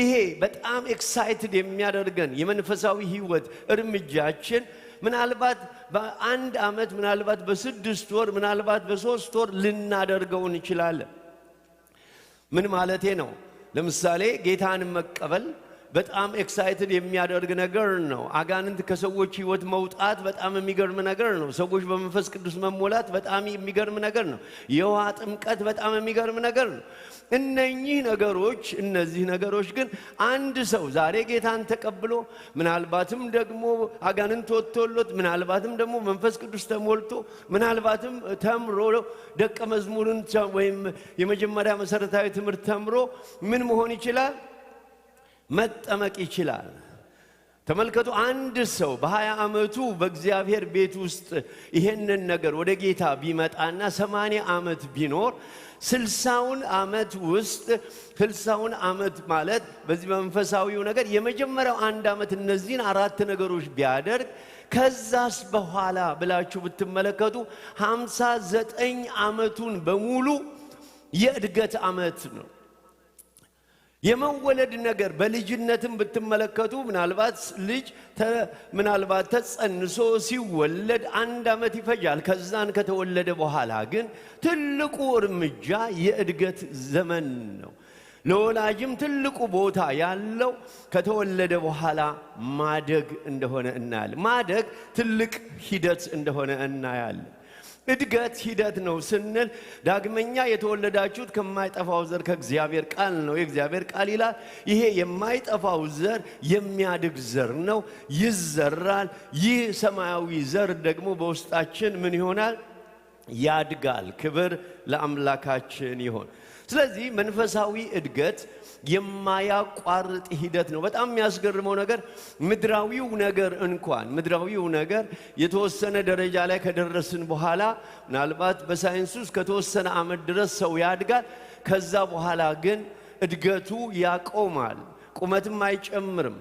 ይሄ በጣም ኤክሳይትድ የሚያደርገን የመንፈሳዊ ህይወት እርምጃችን ምናልባት በአንድ ዓመት ምናልባት በስድስት ወር ምናልባት በሶስት ወር ልናደርገው እንችላለን። ምን ማለቴ ነው? ለምሳሌ ጌታን መቀበል በጣም ኤክሳይትድ የሚያደርግ ነገር ነው። አጋንንት ከሰዎች ህይወት መውጣት በጣም የሚገርም ነገር ነው። ሰዎች በመንፈስ ቅዱስ መሞላት በጣም የሚገርም ነገር ነው። የውሃ ጥምቀት በጣም የሚገርም ነገር ነው። እነኚህ ነገሮች እነዚህ ነገሮች ግን አንድ ሰው ዛሬ ጌታን ተቀብሎ ምናልባትም ደግሞ አጋንንት ወጥቶሎት ምናልባትም ደግሞ መንፈስ ቅዱስ ተሞልቶ ምናልባትም ተምሮ ደቀ መዝሙርን ወይም የመጀመሪያ መሰረታዊ ትምህርት ተምሮ ምን መሆን ይችላል? መጠመቅ ይችላል። ተመልከቱ፣ አንድ ሰው በሀያ ዓመቱ በእግዚአብሔር ቤት ውስጥ ይሄንን ነገር ወደ ጌታ ቢመጣና ሰማንያ ዓመት ቢኖር ስልሳውን ዓመት ውስጥ ስልሳውን ዓመት ማለት በዚህ በመንፈሳዊው ነገር የመጀመሪያው አንድ ዓመት እነዚህን አራት ነገሮች ቢያደርግ ከዛስ በኋላ ብላችሁ ብትመለከቱ ሀምሳ ዘጠኝ ዓመቱን በሙሉ የእድገት ዓመት ነው። የመወለድ ነገር በልጅነትም ብትመለከቱ ምናልባት ልጅ ምናልባት ተጸንሶ ሲወለድ አንድ ዓመት ይፈጃል። ከዛን ከተወለደ በኋላ ግን ትልቁ እርምጃ የእድገት ዘመን ነው። ለወላጅም ትልቁ ቦታ ያለው ከተወለደ በኋላ ማደግ እንደሆነ እናያለን። ማደግ ትልቅ ሂደት እንደሆነ እናያለን። እድገት ሂደት ነው ስንል ዳግመኛ የተወለዳችሁት ከማይጠፋው ዘር ከእግዚአብሔር ቃል ነው። የእግዚአብሔር ቃል ይላል ይሄ የማይጠፋው ዘር የሚያድግ ዘር ነው፣ ይዘራል። ይህ ሰማያዊ ዘር ደግሞ በውስጣችን ምን ይሆናል? ያድጋል። ክብር ለአምላካችን ይሆን። ስለዚህ መንፈሳዊ እድገት የማያቋርጥ ሂደት ነው። በጣም የሚያስገርመው ነገር ምድራዊው ነገር እንኳን ምድራዊው ነገር የተወሰነ ደረጃ ላይ ከደረስን በኋላ ምናልባት በሳይንስ ውስጥ ከተወሰነ ዓመት ድረስ ሰው ያድጋል። ከዛ በኋላ ግን እድገቱ ያቆማል። ቁመትም አይጨምርም።